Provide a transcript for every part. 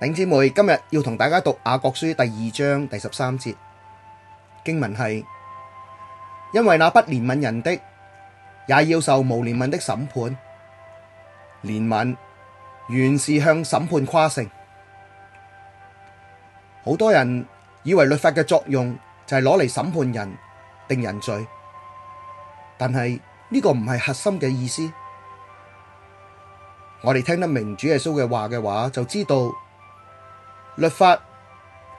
弟兄姊妹，今日要同大家讀《雅各書》第二章第十三節經文係：因為那不憐憫人的，也要受無憐憫的審判。憐憫原是向審判誇勝。好多人以為律法嘅作用就係攞嚟審判人定人罪，但係呢，這個唔係核心嘅意思。我哋聽得明主耶穌嘅話嘅話，就知道。律法，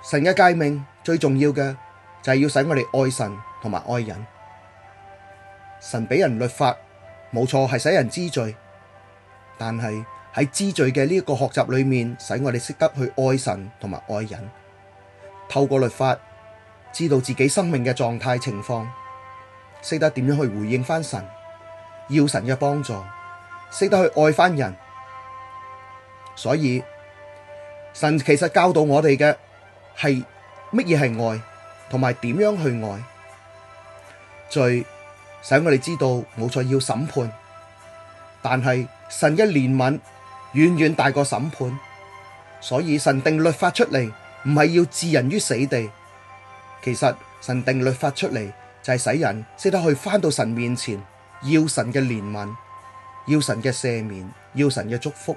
神嘅誡命最重要嘅就係要使我哋愛神同埋愛人。神俾人律法，冇錯係使人知罪，但係喺知罪嘅呢個學習裏面，使我哋識得去愛神同埋愛人。透過律法，知道自己生命嘅狀態情況，識得點樣去回應翻神，要神嘅幫助，識得去愛翻人。所以，神其實教導我哋嘅係乜嘢係愛，同埋點樣去愛罪，使我哋知道冇錯要審判，但係神嘅憐憫遠遠大過審判，所以神定律法出嚟唔係要置人於死地，其實神定律法出嚟就係使人識得去返到神面前，要神嘅憐憫，要神嘅赦免，要神嘅祝福。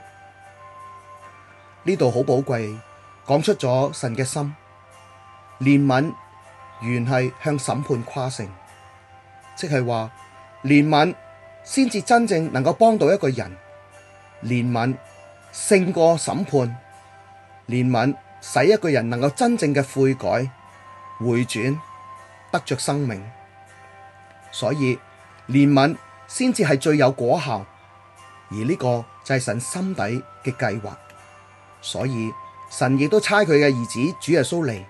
呢度好寶貴，講出咗神嘅心，憐憫原係向審判誇勝，即係話憐憫先至真正能夠幫到一個人，憐憫勝過審判，憐憫使一個人能夠真正嘅悔改、回轉、得着生命，所以憐憫先至係最有果效，而呢個就係神心底嘅計劃。所以神亦都差佢嘅兒子主耶穌嚟，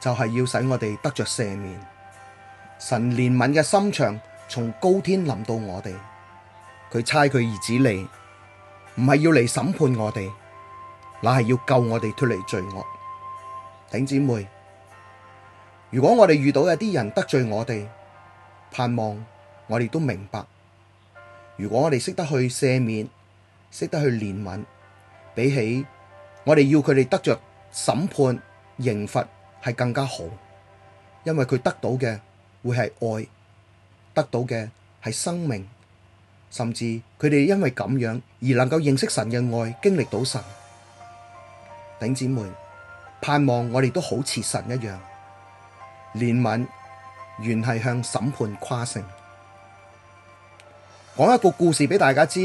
就係要使我哋得着赦免。神憐憫嘅心腸從高天臨到我哋，佢差佢兒子嚟，唔係要嚟審判我哋，乃係要救我哋脫離罪惡。頂姊妹，如果我哋遇到一啲人得罪我哋，盼望我哋都明白，如果我哋識得去赦免，識得去憐憫，比起，我哋要佢哋得着審判刑罰係更加好，因為佢得到嘅會係愛，得到嘅係生命，甚至佢哋因為咁樣而能夠認識神嘅愛，經歷到神。頂姊妹，盼望我哋都好似神一樣憐憫，原係向審判誇勝。講一個故事俾大家知，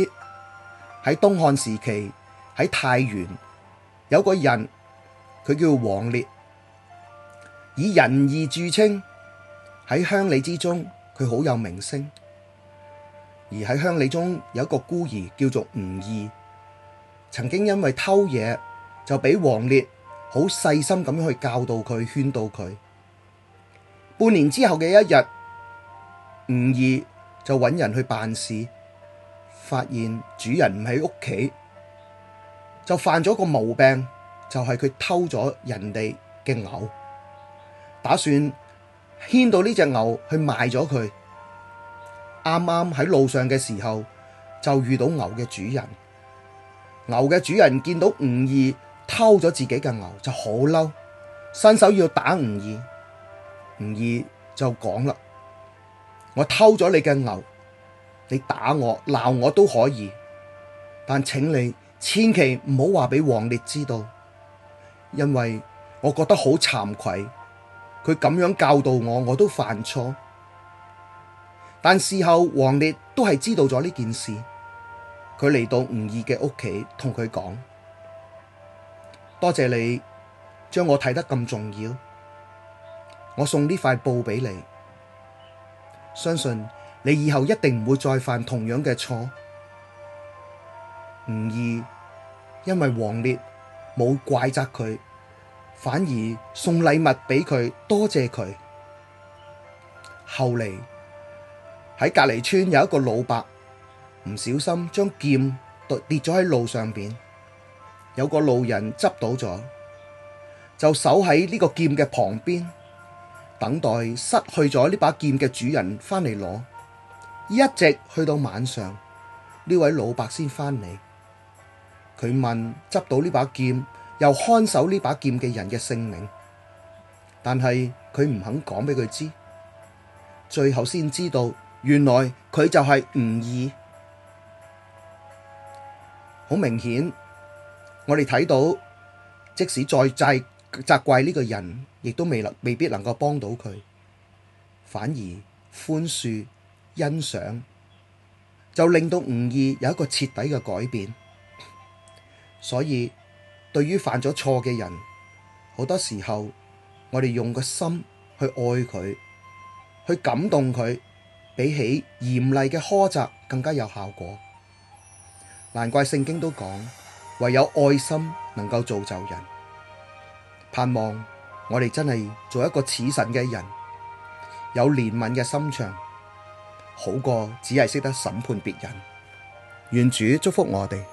喺東漢時期，喺太原，有個人，佢叫王烈，以仁義著稱，喺鄉里之中佢好有名聲。而喺鄉里中有一個孤兒叫做吳二，曾經因為偷嘢就俾王烈好細心咁樣去教導佢、勸導佢。半年之後嘅一日，吳二就揾人去辦事，發現主人唔喺屋企。就犯咗個毛病，就係、是、佢偷咗人哋嘅牛，打算牽到呢隻牛去賣咗佢。啱啱喺路上嘅時候，就遇到牛嘅主人。牛嘅主人見到吳二偷咗自己嘅牛，就好嬲，伸手要打吳二。吳二就講啦：我偷咗你嘅牛，你打我、鬧我都可以，但請你，千祈唔好話俾王烈知道，因為我覺得好慚愧，佢咁樣教導我，我都犯錯。但事後王烈都係知道咗呢件事，佢嚟到吳二嘅屋企同佢講：多謝你將我睇得咁重要，我送呢塊布俾你，相信你以後一定唔會再犯同樣嘅錯。吳二。因為王烈冇怪責佢，反而送禮物俾佢，多謝佢。後嚟喺隔離村有一個老伯唔小心將劍跌咗喺路上邊，有個路人執到咗，就守喺呢個劍嘅旁邊，等待失去咗呢把劍嘅主人返嚟攞，一直去到晚上，呢位老伯先返嚟。佢問執到呢把劍又看守呢把劍嘅人嘅姓名，但係佢唔肯講俾佢知。最後先知道，原來佢就係吳二。好明顯，我哋睇到，即使再責責怪呢個人，亦都未能未必能夠幫到佢，反而寬恕、欣賞，就令到吳二有一個徹底嘅改變。所以，對於犯咗錯嘅人，好多時候我哋用個心去愛佢，去感動佢，比起嚴厲嘅苛責更加有效果。難怪聖經都講，唯有愛心能夠造就人。盼望我哋真係做一個似神嘅人，有憐憫嘅心腸，好過只係識得審判別人。願主祝福我哋。